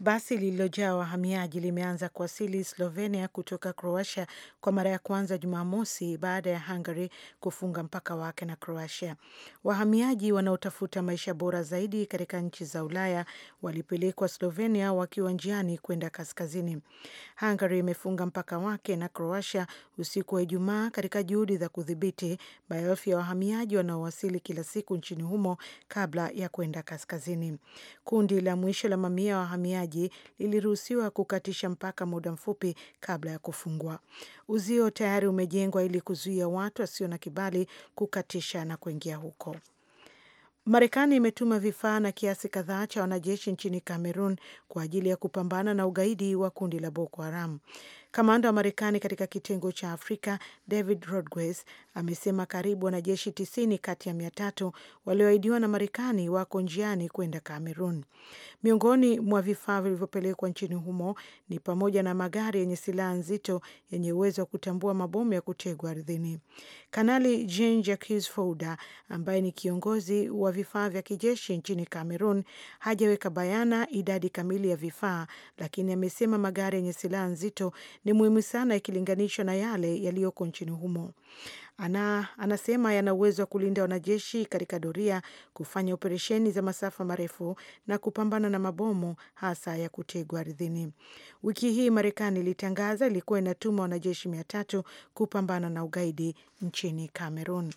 Basi lililojaa wahamiaji limeanza kuwasili Slovenia kutoka Croatia kwa mara ya kwanza Jumamosi baada ya Hungary kufunga mpaka wake na Croatia. Wahamiaji wanaotafuta maisha bora zaidi katika nchi za Ulaya walipelekwa Slovenia wakiwa njiani kwenda kaskazini. Hungary imefunga mpaka wake na Croatia usiku wa Ijumaa katika juhudi za kudhibiti maelfu ya wahamiaji wanaowasili kila siku nchini humo kabla ya kwenda kaskazini. Kundi la mwisho la mamia ya wahamiaji wahamiaji liliruhusiwa kukatisha mpaka muda mfupi kabla ya kufungwa. Uzio tayari umejengwa ili kuzuia watu wasio na kibali kukatisha na kuingia huko. Marekani imetuma vifaa na kiasi kadhaa cha wanajeshi nchini cameron kwa ajili ya kupambana na ugaidi wa kundi la Boko Haram. Kamanda wa Marekani katika kitengo cha Afrika David Rodgers amesema karibu wanajeshi tisini kati ya mia tatu walioahidiwa na Marekani wako njiani kwenda Cameroon. Miongoni mwa vifaa vilivyopelekwa nchini humo ni pamoja na magari yenye silaha nzito yenye uwezo wa kutambua mabomu ya kutegwa ardhini. Kanali Jean Jacques Fouda ambaye ni kiongozi wa vifaa vya kijeshi nchini Cameroon hajaweka bayana idadi kamili ya vifaa, lakini amesema magari yenye silaha nzito ni muhimu sana ikilinganishwa na yale yaliyoko nchini humo. Ana, anasema yana uwezo wa kulinda wanajeshi katika doria, kufanya operesheni za masafa marefu na kupambana na mabomu hasa ya kutegwa ardhini. Wiki hii Marekani ilitangaza ilikuwa inatuma wanajeshi mia tatu kupambana na ugaidi nchini cameron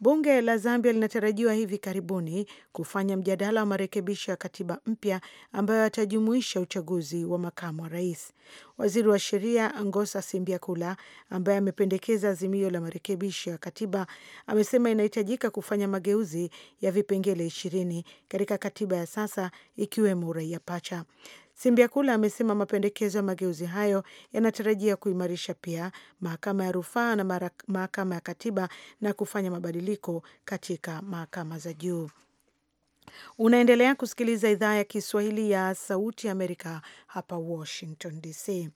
Bunge la Zambia linatarajiwa hivi karibuni kufanya mjadala wa marekebisho ya katiba mpya ambayo atajumuisha uchaguzi wa makamu wa rais. Waziri wa sheria Ngosa Simbiakula, ambaye amependekeza azimio la marekebisho ya katiba, amesema inahitajika kufanya mageuzi ya vipengele ishirini katika katiba ya sasa, ikiwemo uraia pacha. Simbiakula amesema mapendekezo ya mageuzi hayo yanatarajia kuimarisha pia mahakama ya rufaa na mahakama ya katiba na kufanya mabadiliko katika mahakama za juu. Unaendelea kusikiliza idhaa ya Kiswahili ya Sauti ya Amerika hapa Washington DC.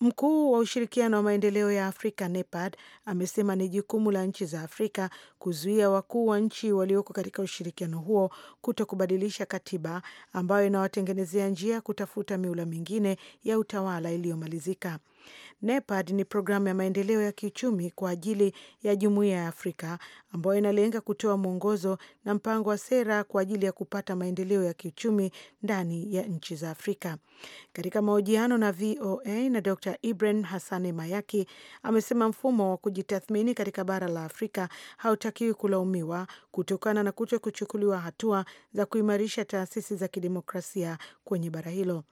Mkuu wa ushirikiano wa maendeleo ya Afrika NEPAD amesema ni jukumu la nchi za Afrika kuzuia wakuu wa nchi walioko katika ushirikiano huo kuto kubadilisha katiba ambayo inawatengenezea njia kutafuta miula mingine ya utawala iliyomalizika. NEPAD ni programu ya maendeleo ya kiuchumi kwa ajili ya jumuiya ya Afrika ambayo inalenga kutoa mwongozo na mpango wa sera kwa ajili ya kupata maendeleo ya kiuchumi ndani ya nchi za Afrika. Katika mahojiano na VOA na Dr Ibrahim Hassani Mayaki amesema mfumo wa kujitathmini katika bara la Afrika hautakiwi kulaumiwa kutokana na kuto kuchukuliwa hatua za kuimarisha taasisi za kidemokrasia kwenye bara hilo.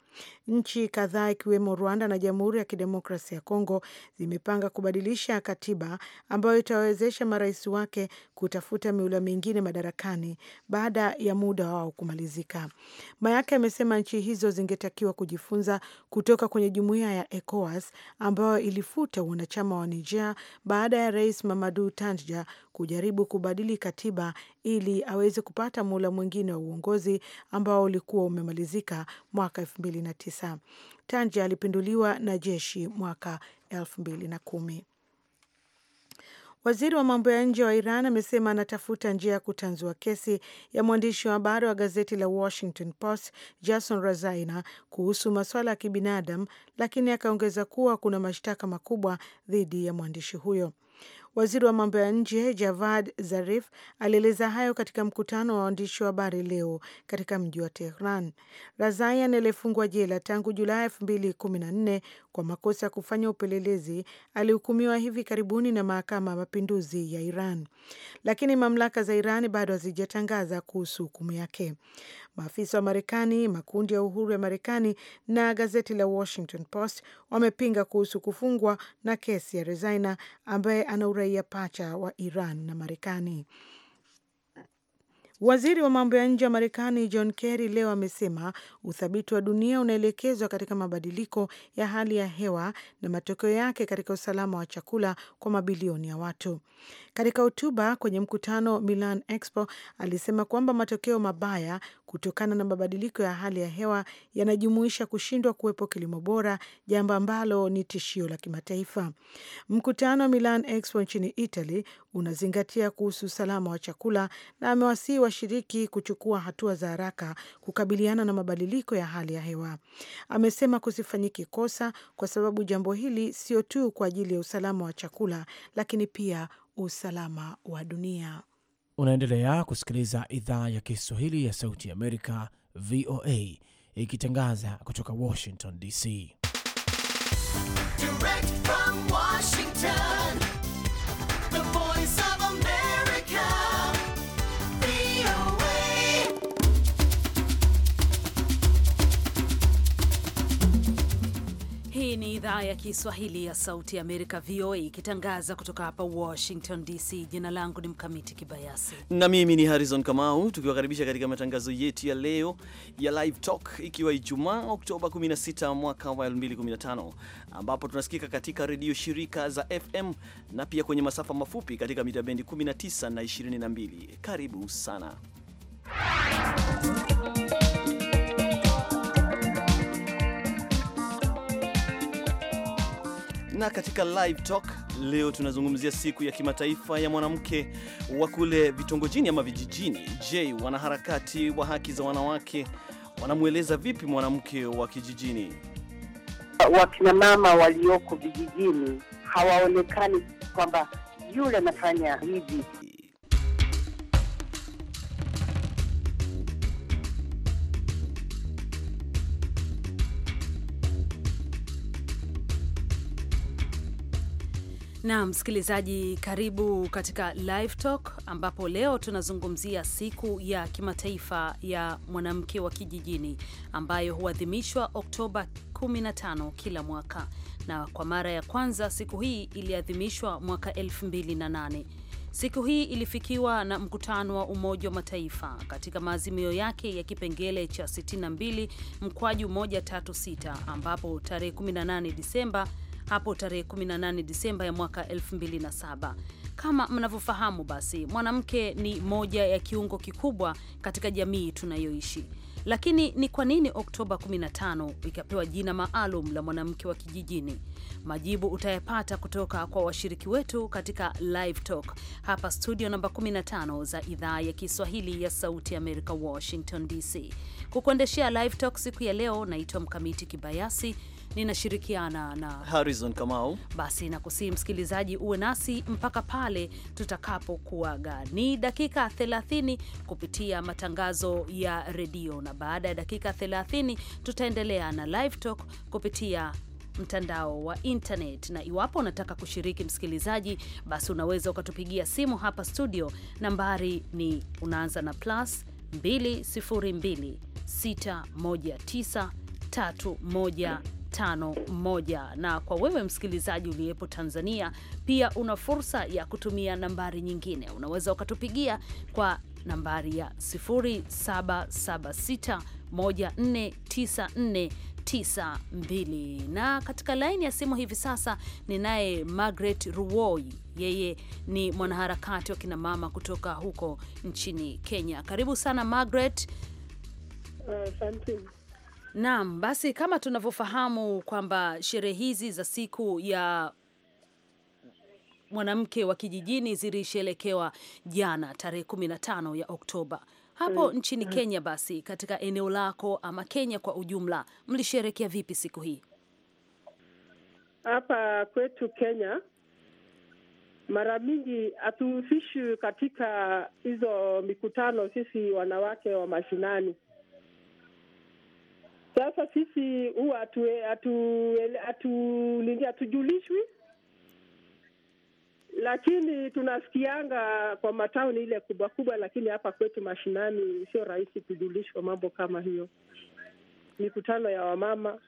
Nchi kadhaa ikiwemo Rwanda na Jamhuri ya Kidemokrasia ya Kongo zimepanga kubadilisha katiba ambayo itawawezesha marais wake kutafuta miula mingine madarakani baada ya muda wao kumalizika. mayake amesema nchi hizo zingetakiwa kujifunza kutoka kwenye jumuiya ya ECOWAS ambayo ilifuta wanachama wa Niger baada ya Rais Mamadu Tanja kujaribu kubadili katiba ili aweze kupata muhula mwingine wa uongozi ambao ulikuwa umemalizika mwaka tisa. Tanja alipinduliwa na jeshi mwaka kumi. Waziri wa mambo ya nje wa Iran amesema anatafuta njia ya kutanzua kesi ya mwandishi wa habari wa gazeti la Washington Post Jason Razaina kuhusu masuala ya kibinadamu, lakini akaongeza kuwa kuna mashtaka makubwa dhidi ya mwandishi huyo. Waziri wa mambo ya nje Javad Zarif alieleza hayo katika mkutano wa waandishi wa habari leo katika mji wa Tehran. Razaian aliyefungwa jela tangu Julai elfu mbili kumi na nne kwa makosa ya kufanya upelelezi alihukumiwa hivi karibuni na mahakama ya mapinduzi ya Iran, lakini mamlaka za Iran bado hazijatangaza kuhusu hukumu yake. Maafisa wa Marekani, makundi ya uhuru ya Marekani na gazeti la Washington Post wamepinga kuhusu kufungwa na kesi ya Rezaina ambaye ana uraia pacha wa Iran na Marekani. Waziri wa mambo ya nje wa Marekani John Kerry leo amesema uthabiti wa dunia unaelekezwa katika mabadiliko ya hali ya hewa na matokeo yake katika usalama wa chakula kwa mabilioni ya watu. Katika hotuba kwenye mkutano Milan Expo, alisema kwamba matokeo mabaya kutokana na mabadiliko ya hali ya hewa yanajumuisha kushindwa kuwepo kilimo bora, jambo ambalo ni tishio la kimataifa. Mkutano wa Milan Expo nchini Italy unazingatia kuhusu usalama wa chakula na amewasihi washiriki kuchukua hatua za haraka kukabiliana na mabadiliko ya hali ya hewa. Amesema kusifanyike kosa, kwa sababu jambo hili sio tu kwa ajili ya usalama wa chakula, lakini pia usalama wa dunia. Unaendelea kusikiliza idhaa ya Kiswahili ya Sauti Amerika, VOA, ikitangaza kutoka Washington DC. Direct from Washington. ni idhaa ya Kiswahili ya Sauti ya Amerika, VOA, ikitangaza kutoka hapa Washington DC. Jina langu ni Mkamiti Kibayasi na mimi ni Harrison Kamau, tukiwakaribisha katika matangazo yetu ya leo ya Live Talk, ikiwa Ijumaa Oktoba 16 mwaka wa 2015, ambapo tunasikika katika redio shirika za FM na pia kwenye masafa mafupi katika mita bendi 19 na 22. Karibu sana na katika live talk leo tunazungumzia siku ya kimataifa ya mwanamke wa kule vitongojini ama vijijini. Je, wanaharakati wa haki za wanawake wanamweleza vipi mwanamke wa kijijini? Wakinamama walioko vijijini hawaonekani kwamba yule anafanya hivi. Na msikilizaji, karibu katika Live Talk ambapo leo tunazungumzia siku ya kimataifa ya mwanamke wa kijijini ambayo huadhimishwa Oktoba 15 kila mwaka, na kwa mara ya kwanza siku hii iliadhimishwa mwaka 2008. Siku hii ilifikiwa na mkutano wa Umoja wa Mataifa katika maazimio yake ya kipengele cha 62 mkwaju 136 ambapo tarehe 18 Disemba hapo tarehe 18 Disemba ya mwaka 2007. Kama mnavyofahamu, basi mwanamke ni moja ya kiungo kikubwa katika jamii tunayoishi. Lakini ni kwa nini Oktoba 15 ikapewa jina maalum la mwanamke wa kijijini? Majibu utayapata kutoka kwa washiriki wetu katika Live Talk hapa studio namba 15 za idhaa ya Kiswahili ya Sauti Amerika, Washington DC. Kukuendeshea Live Talk siku ya leo, naitwa Mkamiti Kibayasi ninashirikiana na Harrison Kamau. Basi nakusii msikilizaji, uwe nasi mpaka pale tutakapokuaga. Ni dakika 30 kupitia matangazo ya redio, na baada ya dakika 30 tutaendelea na live talk kupitia mtandao wa internet. Na iwapo unataka kushiriki msikilizaji, basi unaweza ukatupigia simu hapa studio. Nambari ni unaanza na plus 202 619 51. Na kwa wewe msikilizaji uliyepo Tanzania pia una fursa ya kutumia nambari nyingine, unaweza ukatupigia kwa nambari ya 0776149492. Na katika laini ya simu hivi sasa ninaye Margaret Ruoi, yeye ni mwanaharakati wa kinamama kutoka huko nchini Kenya. Karibu sana Margaret. Uh, Naam, basi kama tunavyofahamu kwamba sherehe hizi za siku ya mwanamke wa kijijini zilisherekewa jana tarehe 15 ya Oktoba hapo mm, nchini mm, Kenya. Basi katika eneo lako ama Kenya kwa ujumla mlisherekea vipi siku hii? Hapa kwetu Kenya mara mingi hatuhusishi katika hizo mikutano, sisi wanawake wa mashinani sasa sisi huwa atu, hatujulishwi, lakini tunasikianga kwa matauni ile kubwa kubwa, lakini hapa kwetu mashinani sio rahisi kujulishwa mambo kama hiyo. Mikutano ya wamama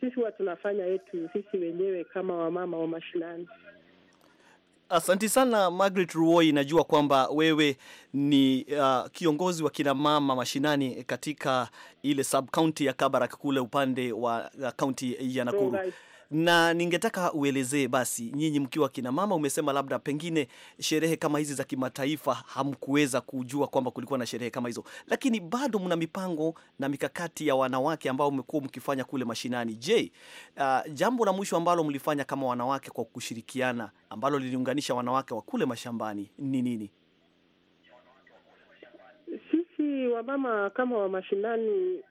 sisi huwa tunafanya yetu sisi wenyewe kama wamama wa mashinani. Asanti sana Margaret Ruoi, najua kwamba wewe ni uh, kiongozi wa kinamama mashinani katika ile sub county ya Kabarak kule upande wa kaunti uh, ya Nakuru. Right na ningetaka uelezee basi, nyinyi mkiwa kina mama, umesema labda pengine sherehe kama hizi za kimataifa hamkuweza kujua kwamba kulikuwa na sherehe kama hizo, lakini bado mna mipango na mikakati ya wanawake ambao mmekuwa mkifanya kule mashinani. Je, uh, jambo la mwisho ambalo mlifanya kama wanawake kwa kushirikiana ambalo liliunganisha wanawake wa kule mashambani ni nini? Sisi wamama kama wa mashinani,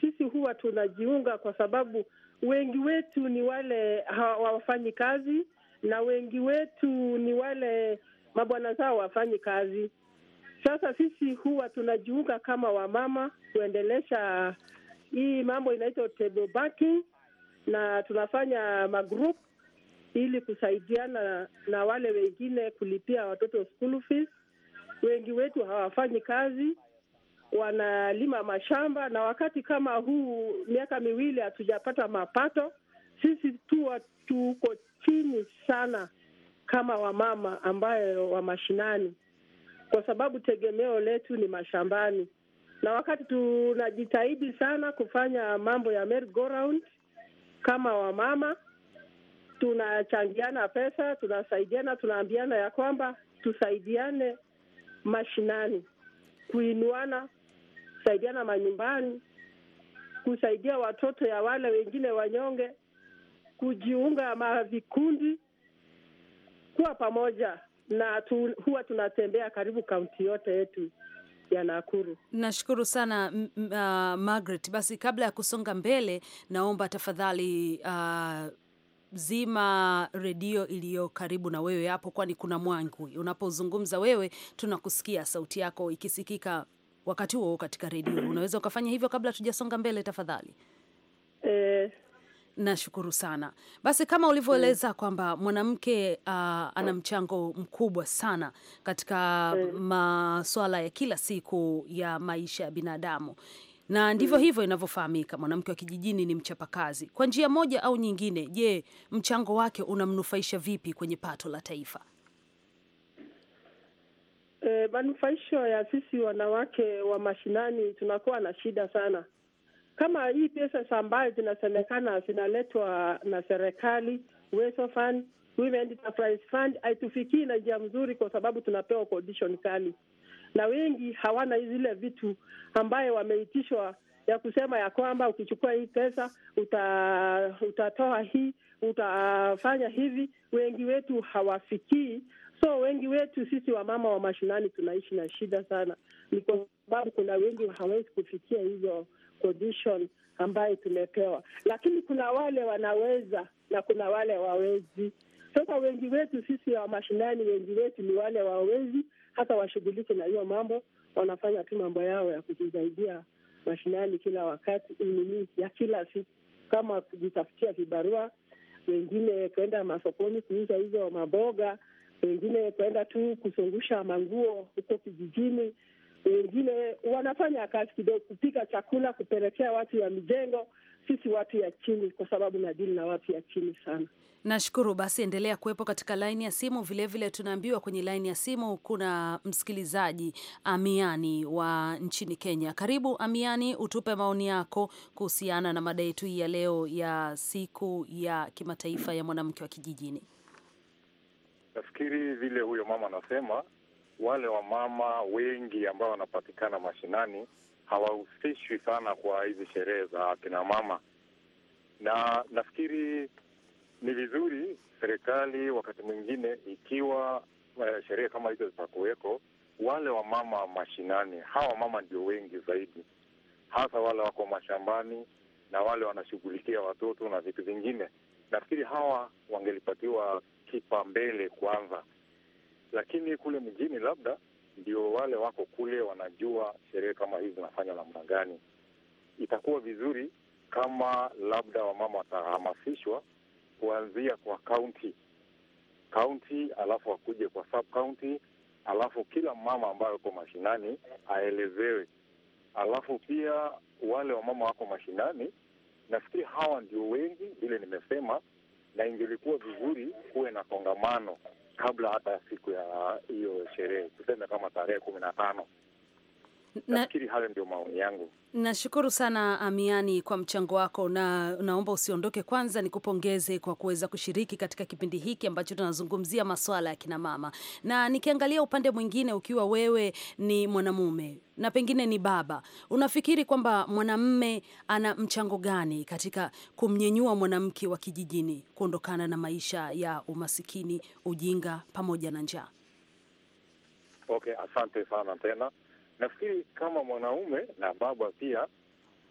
sisi huwa tunajiunga kwa sababu wengi wetu ni wale hawafanyi kazi na wengi wetu ni wale mabwana zao wafanyi kazi. Sasa sisi huwa tunajiunga kama wamama kuendelesha hii mambo inaitwa table banking, na tunafanya magroup ili kusaidiana na wale wengine kulipia watoto school fees. Wengi wetu hawafanyi kazi wanalima mashamba, na wakati kama huu, miaka miwili hatujapata mapato. Sisi tu tuko chini sana kama wamama ambayo wa mashinani, kwa sababu tegemeo letu ni mashambani, na wakati tunajitahidi sana kufanya mambo ya merry go round kama wamama tunachangiana pesa, tunasaidiana, tunaambiana ya kwamba tusaidiane mashinani kuinuana kusaidiana manyumbani, kusaidia watoto ya wale wengine wanyonge, kujiunga ma vikundi, kuwa pamoja na tu, huwa tunatembea karibu kaunti yote yetu ya Nakuru. Nashukuru sana uh, Margaret. Basi kabla ya kusonga mbele, naomba tafadhali uh, zima redio iliyo karibu na wewe hapo, kwani kuna mwangwi. Unapozungumza wewe, tunakusikia sauti yako ikisikika wakati huo katika redio. Mm-hmm. Unaweza ukafanya hivyo kabla hatujasonga mbele, tafadhali. E, nashukuru sana. Basi kama ulivyoeleza mm, kwamba mwanamke uh, ana mchango mkubwa sana katika mm, masuala ya kila siku ya maisha ya binadamu na ndivyo mm, hivyo inavyofahamika. Mwanamke wa kijijini ni mchapakazi kwa njia moja au nyingine. Je, mchango wake unamnufaisha vipi kwenye pato la taifa? e, manufaisho ya sisi wanawake wa mashinani tunakuwa na shida sana kama hii pesa ambayo zinasemekana zinaletwa na serikali Uwezo Fund, Women Enterprise Fund haitufikii na njia mzuri, kwa sababu tunapewa condition kali, na wengi hawana zile vitu ambayo wameitishwa ya kusema ya kwamba ukichukua hii pesa uta, utatoa hii utafanya hivi. Wengi wetu hawafikii So wengi wetu sisi wamama wa mashinani tunaishi na shida sana, ni kwa sababu kuna wengi hawezi kufikia hizo condition ambayo tumepewa, lakini kuna wale wanaweza na kuna wale wawezi. Sasa wengi wetu sisi wa mashinani, wengi wetu ni wale wawezi, hata washughulike na hiyo mambo, wanafanya tu mambo yao ya kujisaidia mashinani kila wakati, nini ya kila siku, kama kujitafutia vibarua, wengine kuenda masokoni kuuza hizo maboga wengine kwenda tu kuzungusha manguo huko kijijini, wengine wanafanya kazi kidogo, kupika chakula, kupelekea watu ya mijengo. Sisi watu ya chini, kwa sababu na nadili na watu ya chini sana. Nashukuru. Basi endelea kuwepo katika laini ya simu. Vilevile tunaambiwa kwenye laini ya simu kuna msikilizaji Amiani wa nchini Kenya. Karibu Amiani, utupe maoni yako kuhusiana na mada yetu hii ya leo ya siku ya kimataifa ya mwanamke wa kijijini. Nafikiri vile huyo mama anasema, wale wamama wengi ambao wanapatikana mashinani hawahusishwi sana kwa hizi sherehe za akina mama, na nafikiri ni vizuri serikali wakati mwingine, ikiwa uh, sherehe kama hizo zitakuweko, wale wamama mashinani, hawa wamama ndio wengi zaidi, hasa wale wako mashambani na wale wanashughulikia watoto na vitu vingine. Nafikiri hawa wangelipatiwa kipambele kwanza, lakini kule mjini labda ndio wale wako kule wanajua sherehe kama hizi zinafanywa namna gani. Itakuwa vizuri kama labda wamama watahamasishwa kuanzia kwa kaunti kaunti, alafu akuje kwa sub kaunti, alafu kila mama ambayo uko mashinani aelezewe. Alafu pia wale wamama wako mashinani, nafikiri hawa ndio wengi, vile nimesema na ingelikuwa vizuri kuwe na kongamano kabla hata siku ya hiyo sherehe, tuseme kama tarehe kumi na tano Nafikiri hayo ndio maoni yangu. Nashukuru sana Amiani kwa mchango wako, na naomba usiondoke. Kwanza nikupongeze kwa kuweza kushiriki katika kipindi hiki ambacho tunazungumzia masuala ya kina mama, na nikiangalia upande mwingine, ukiwa wewe ni mwanamume na pengine ni baba, unafikiri kwamba mwanamme ana mchango gani katika kumnyenyua mwanamke wa kijijini kuondokana na maisha ya umasikini, ujinga pamoja na njaa? Okay, asante sana tena Nafikiri kama mwanaume na baba pia,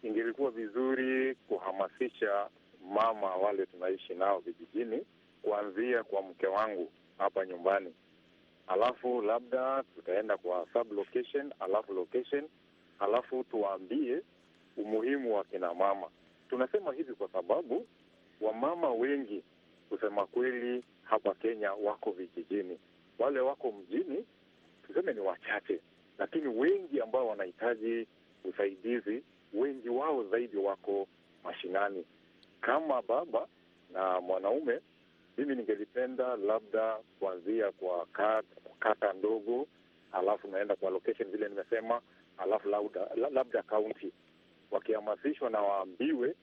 ingelikuwa vizuri kuhamasisha mama wale tunaishi nao vijijini, kuanzia kwa mke wangu hapa nyumbani, alafu labda tutaenda kwa sub location, alafu location, alafu tuwaambie umuhimu wa kina mama. Tunasema hivi kwa sababu wamama wengi kusema kweli hapa Kenya wako vijijini, wale wako mjini tuseme ni wachache lakini wengi ambao wanahitaji usaidizi, wengi wao zaidi wako mashinani. Kama baba na mwanaume, mimi ningelipenda labda kuanzia kwa kata, ndogo, alafu naenda kwa location vile nimesema, alafu labda kaunti, wakihamasishwa na waambiwe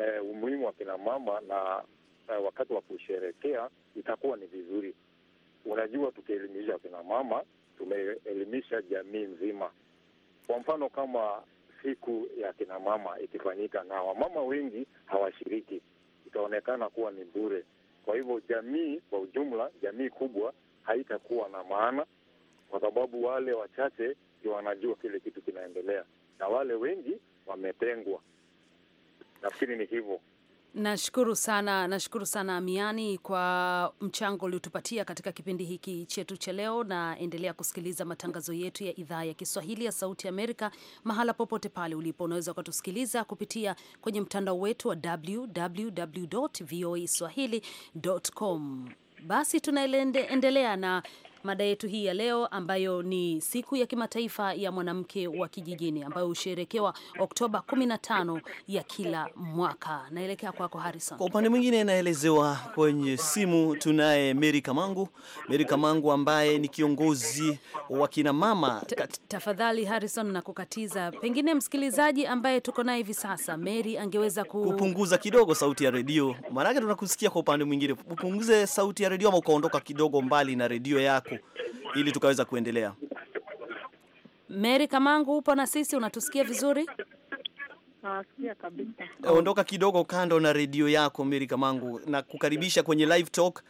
eh, umuhimu wa kina mama na eh, wakati wa kusherekea itakuwa ni vizuri. Unajua, tukielimisha kina mama tumeelimisha jamii nzima. Kwa mfano kama siku ya kinamama ikifanyika na wamama wengi hawashiriki, itaonekana kuwa ni bure. Kwa hivyo jamii kwa ujumla, jamii kubwa haitakuwa na maana, kwa sababu wale wachache ndio wanajua kile kitu kinaendelea na wale wengi wametengwa. Nafikiri ni hivyo. Nashukuru sana, nashukuru sana Miani kwa mchango uliotupatia katika kipindi hiki chetu cha leo, na endelea kusikiliza matangazo yetu ya idhaa ya Kiswahili ya Sauti Amerika. Mahala popote pale ulipo, unaweza ukatusikiliza kupitia kwenye mtandao wetu wa www voa swahili.com. Basi tunaendelea na mada yetu hii ya leo ambayo ni siku ya kimataifa ya mwanamke wa kijijini ambayo husherekewa Oktoba 15 ya kila mwaka. Naelekea kwako Harrison. Kwa upande mwingine, naelezewa kwenye simu tunaye Mary Kamangu. Mary Kamangu ambaye ni kiongozi wa kina mama. Tafadhali Harrison, nakukatiza. Pengine msikilizaji ambaye tuko naye hivi sasa, Mary angeweza ku... kupunguza kidogo sauti ya redio, maanake tunakusikia kwa upande mwingine. Upunguze sauti ya redio ama ukaondoka kidogo mbali na redio yako ili tukaweza kuendelea. Mary Kamangu, upo na sisi, unatusikia vizuri? Nasikia kabisa. Ondoka kidogo kando na redio yako Mary Kamangu, na kukaribisha kwenye live talk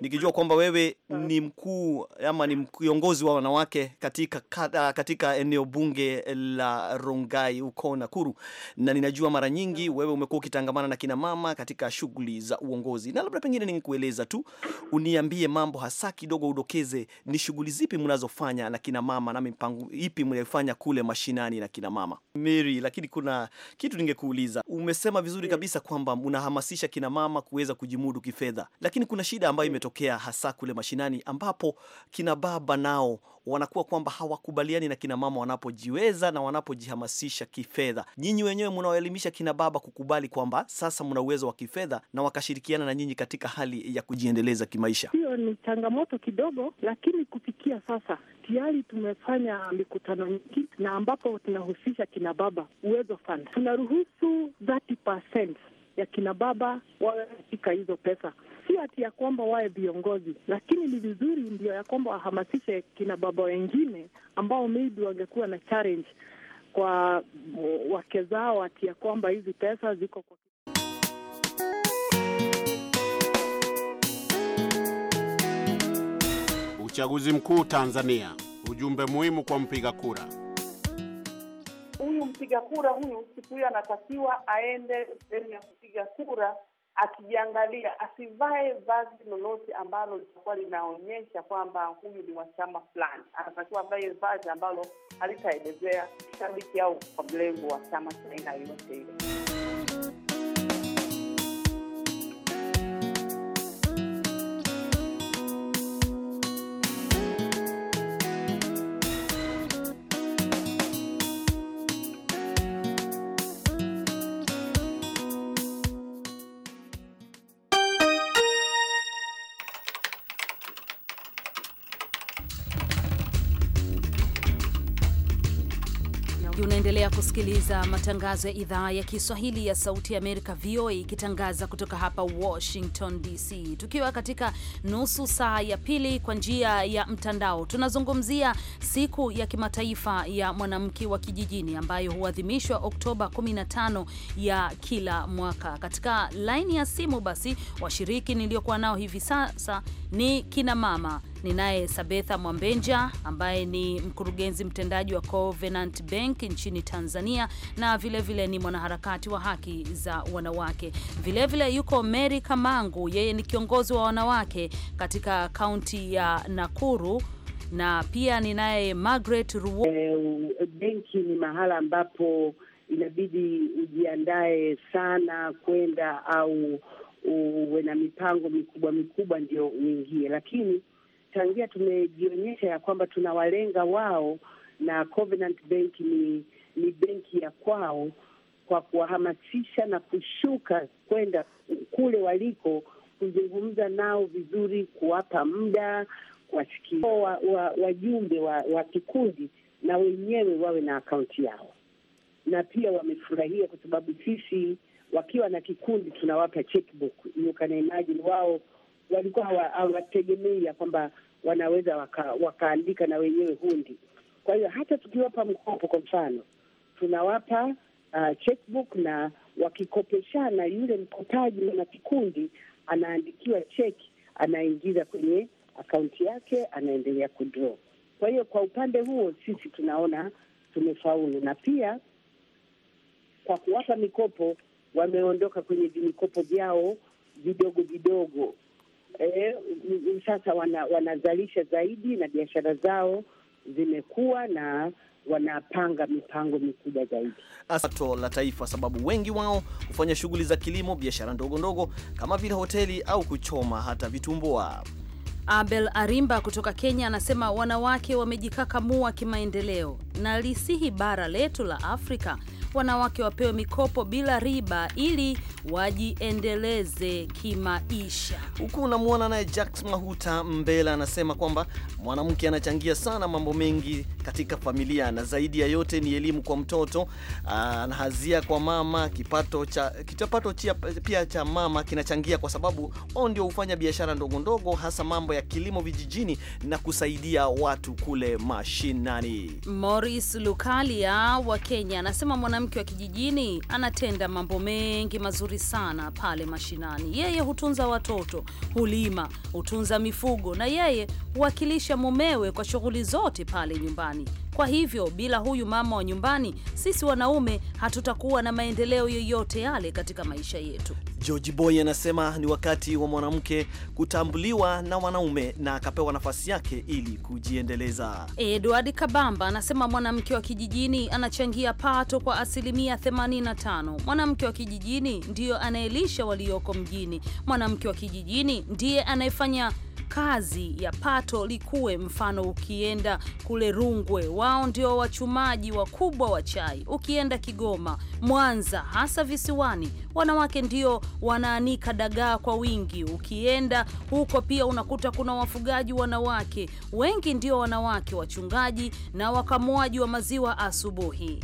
nikijua kwamba wewe ni mkuu ama ni kiongozi wa wanawake katika, kata, katika eneo bunge la Rongai huko Nakuru, na ninajua mara nyingi wewe umekuwa ukitangamana na kina mama katika shughuli za uongozi, na labda pengine ningekueleza tu uniambie mambo hasa kidogo, udokeze ni shughuli zipi mnazofanya na kina mama na mipango ipi mnayofanya kule mashinani na kina mama Mary. Lakini kuna kitu ningekuuliza, umesema vizuri kabisa kwamba mnahamasisha kina mama kuweza kujimudu kifedha, lakini kuna shida ambayo imetoka kinatokea hasa kule mashinani, ambapo kina baba nao wanakuwa kwamba hawakubaliani na kina mama wanapojiweza na wanapojihamasisha kifedha. Nyinyi wenyewe mnaoelimisha kina baba kukubali kwamba sasa mna uwezo wa kifedha na wakashirikiana na nyinyi katika hali ya kujiendeleza kimaisha. Hiyo ni changamoto kidogo, lakini kufikia sasa tayari tumefanya mikutano mingi na ambapo tunahusisha kina baba uwezo fund, tunaruhusu 30% ya kina baba wawe katika hizo pesa si hati ya kwamba wawe viongozi, lakini ni vizuri ndio ya kwamba wahamasishe kina baba wengine ambao maybe wangekuwa na challenge kwa wake zao, hati ya kwamba hizi pesa ziko kwa uchaguzi mkuu Tanzania. Ujumbe muhimu kwa mpiga kura huyu. Mpiga kura huyu siku hiyo anatakiwa aende sehemu ya kupiga kura akijiangalia, asivae vazi lolote ambalo litakuwa linaonyesha kwamba huyu ni wa chama fulani. Anatakiwa avae vazi ambalo halitaelezea shabiki au kwa mlengo wa chama cha aina yoyote ile. Unaendelea kusikiliza matangazo ya idhaa ya Kiswahili ya Sauti Amerika, VOA, ikitangaza kutoka hapa Washington DC, tukiwa katika nusu saa ya pili kwa njia ya mtandao. Tunazungumzia siku ya kimataifa ya mwanamke wa kijijini ambayo huadhimishwa Oktoba 15 ya kila mwaka. Katika laini ya simu, basi washiriki niliyokuwa nao hivi sasa ni kinamama ninaye Sabetha Mwambenja ambaye ni mkurugenzi mtendaji wa Covenant Bank nchini Tanzania na vilevile vile ni mwanaharakati wa haki za wanawake. Vilevile vile yuko Mary Kamangu, yeye ni kiongozi wa wanawake katika kaunti ya Nakuru na pia ninaye Margaret Ruo. Eh, benki ni mahala ambapo inabidi ujiandae sana kwenda au uwe na mipango mikubwa mikubwa ndio uingie, lakini tangia tumejionyesha ya kwamba tunawalenga wao na Covenant Bank ni, ni benki ya kwao kwa kuwahamasisha na kushuka kwenda kule waliko kuzungumza nao vizuri, kuwapa muda, kuwasikia wajumbe wa, wa, wa, wa kikundi na wenyewe wawe na akaunti yao. Na pia wamefurahia kwa sababu sisi wakiwa na kikundi tunawapa checkbook. You can imagine wao walikuwa hawategemei ya kwamba wanaweza waka, wakaandika na wenyewe hundi. Kwa hiyo hata tukiwapa mkopo, kwa mfano tunawapa uh, checkbook na wakikopeshana, yule mkopaji na kikundi anaandikiwa cheki, anaingiza kwenye akaunti yake, anaendelea kudraw. Kwa hiyo kwa upande huo sisi tunaona tumefaulu, na pia kwa kuwapa mikopo wameondoka kwenye vimikopo vyao vidogo vidogo eh, sasa wana, wanazalisha zaidi na biashara zao zimekuwa na wanapanga mipango mikubwa zaidi pato la taifa, sababu wengi wao hufanya shughuli za kilimo, biashara ndogo ndogo kama vile hoteli au kuchoma hata vitumbua. Abel Arimba kutoka Kenya anasema wanawake wamejikakamua kimaendeleo na lisihi bara letu la Afrika wanawake wapewe mikopo bila riba ili wajiendeleze kimaisha. Huku unamwona naye Jax Mahuta Mbela anasema kwamba mwanamke anachangia sana mambo mengi katika familia, na zaidi ya yote ni elimu kwa mtoto, ah, anahazia kwa mama. Kipato cha kipato pia cha mama kinachangia, kwa sababu wao ndio hufanya biashara ndogo ndogo, hasa mambo ya kilimo vijijini na kusaidia watu kule mashinani. Morris Lukalia wa Kenya anasema mwana mwanamke wa kijijini anatenda mambo mengi mazuri sana pale mashinani. Yeye hutunza watoto, hulima, hutunza mifugo na yeye huwakilisha mumewe kwa shughuli zote pale nyumbani. Kwa hivyo bila huyu mama wa nyumbani, sisi wanaume hatutakuwa na maendeleo yoyote yale katika maisha yetu. George Boy anasema ni wakati wa mwanamke kutambuliwa na wanaume na akapewa nafasi yake ili kujiendeleza. Edward Kabamba anasema mwanamke wa kijijini anachangia pato kwa asilimia 85. Mwanamke wa kijijini ndiyo anayelisha walioko mjini. Mwanamke wa kijijini ndiye anayefanya kazi ya pato likuwe. Mfano, ukienda kule Rungwe, wao ndio wachumaji wakubwa wa chai. Ukienda Kigoma, Mwanza, hasa visiwani, wanawake ndio wanaanika dagaa kwa wingi. Ukienda huko pia unakuta kuna wafugaji wanawake wengi, ndio wanawake wachungaji na wakamuaji wa maziwa asubuhi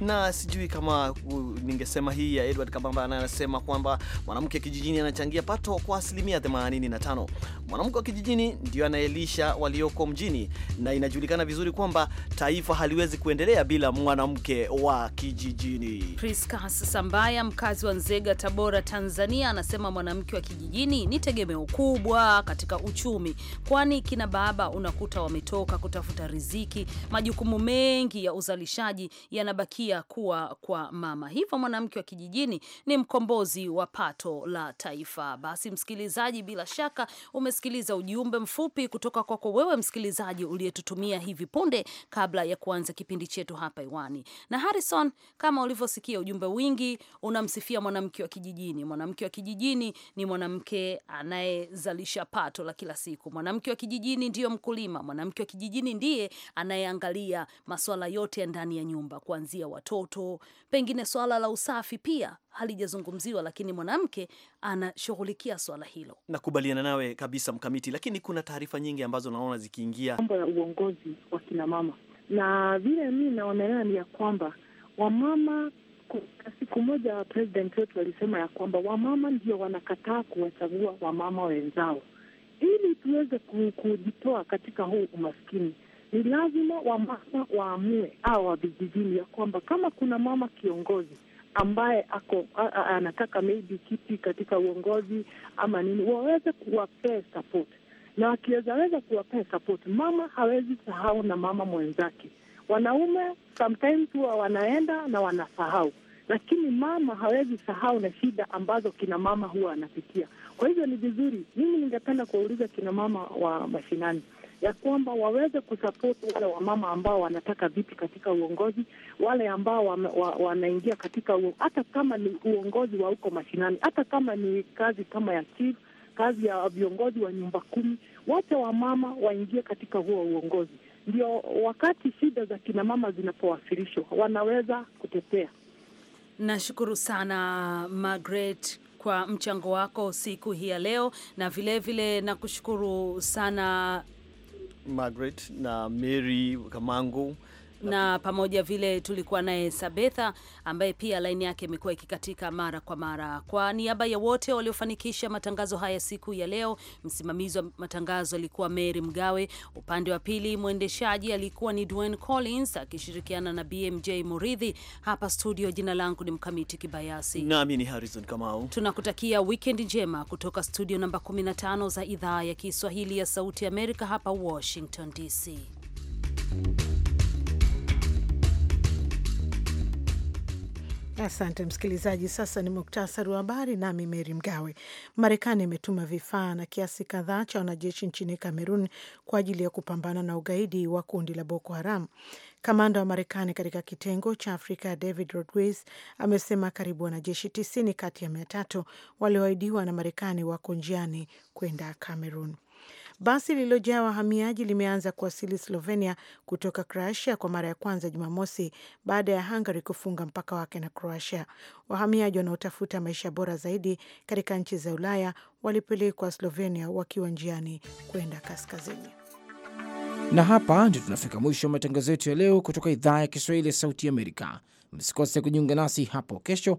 na sijui kama ningesema hii ya Edward Kabamba, anasema kwamba mwanamke kijijini anachangia pato kwa asilimia 85. Mwanamke wa kijijini ndio anaelisha walioko mjini, na inajulikana vizuri kwamba taifa haliwezi kuendelea bila mwanamke wa kijijini. Priska Sambaya, mkazi wa Nzega, Tabora, Tanzania, anasema mwanamke wa kijijini ni tegemeo kubwa katika uchumi, kwani kina baba unakuta wametoka kutafuta riziki, majukumu mengi ya uzalishaji yanabaki kufikia kuwa kwa mama. Hivyo mwanamke wa kijijini ni mkombozi wa pato la taifa. Basi msikilizaji, bila shaka umesikiliza ujumbe mfupi kutoka kwako wewe msikilizaji uliyetutumia hivi punde kabla ya kuanza kipindi chetu hapa iwani. Na Harrison, kama ulivyosikia, ujumbe wingi unamsifia mwanamke wa kijijini. Mwanamke wa kijijini ni mwanamke anayezalisha pato la kila siku. Mwanamke wa kijijini ndiyo mkulima. Mwanamke wa kijijini ndiye anayeangalia masuala yote ya ndani ya nyumba kuanzia watoto, pengine swala la usafi pia halijazungumziwa, lakini mwanamke anashughulikia swala hilo. Nakubaliana nawe kabisa Mkamiti, lakini kuna taarifa nyingi ambazo naona zikiingia mambo ya uongozi wa kinamama, na vile mi naonelea ni ya kwamba wamama siku moja president wetu alisema ya kwamba wamama ndio wanakataa kuwachagua wamama wenzao ili tuweze kujitoa katika huu umaskini ni lazima wamama waamue au wa vijijini ya kwamba kama kuna mama kiongozi ambaye ako a, a, anataka maybe kiti katika uongozi ama nini, waweze kuwapee support, na wakiwezaweza kuwapee support, mama hawezi sahau na mama mwenzake. Wanaume sometimes huwa wanaenda na wanasahau, lakini mama hawezi sahau na shida ambazo kina mama huwa anapitia. Kwa hivyo ni vizuri, mimi ningependa kuwauliza kina mama wa mashinani ya kwamba waweze kusapoti wale wamama ambao wanataka vipi katika uongozi, wale ambao wanaingia wa, wa katika uongozi, hata kama ni uongozi wa huko mashinani, hata kama ni kazi kama ya chief, kazi ya viongozi wa nyumba kumi, wote wamama waingie katika huo uongozi. Ndio wakati shida za kinamama zinapowasilishwa wanaweza kutetea. Nashukuru sana Margaret kwa mchango wako siku hii ya leo, na vilevile nakushukuru sana margaret na mary kamango na pamoja vile tulikuwa naye Sabetha ambaye pia laini yake imekuwa ikikatika mara kwa mara. Kwa niaba ya wote waliofanikisha matangazo haya siku ya leo, msimamizi wa matangazo alikuwa Mary Mgawe, upande wa pili mwendeshaji alikuwa ni Dwayne Collins akishirikiana na BMJ Muridhi. Hapa studio, jina langu ni Mkamiti Kibayasi nami ni Harrison Kamau. Tunakutakia weekend njema kutoka studio namba 15 za idhaa ya Kiswahili ya Sauti ya Amerika hapa Washington DC. Asante msikilizaji. Sasa ni muktasari wa habari, nami Meri Mgawe. Marekani imetuma vifaa na kiasi kadhaa cha wanajeshi nchini Kamerun kwa ajili ya kupambana na ugaidi wa kundi la Boko Haram. Kamanda wa Marekani katika kitengo cha Afrika David Rodriguez amesema karibu wanajeshi tisini kati ya mia tatu walioahidiwa na Marekani wako njiani kwenda Kamerun. Basi lililojaa wahamiaji limeanza kuwasili Slovenia kutoka Croatia kwa mara ya kwanza Jumamosi baada ya Hungary kufunga mpaka wake na Croatia. Wahamiaji wanaotafuta maisha bora zaidi katika nchi za Ulaya walipelekwa Slovenia wakiwa njiani kwenda kaskazini. Na hapa ndio tunafika mwisho wa matangazo yetu ya leo kutoka idhaa ya Kiswahili ya Sauti Amerika. Msikose kujiunga nasi hapo kesho